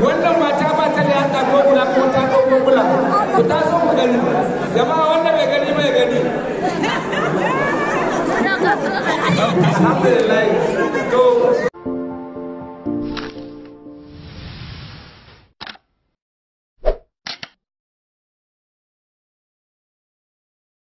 wannan mata ba ta da yatsa ko gula ko ta ɗauko gula ku taso ku gani jama'a wanda bai gani bai gani alhamdulillah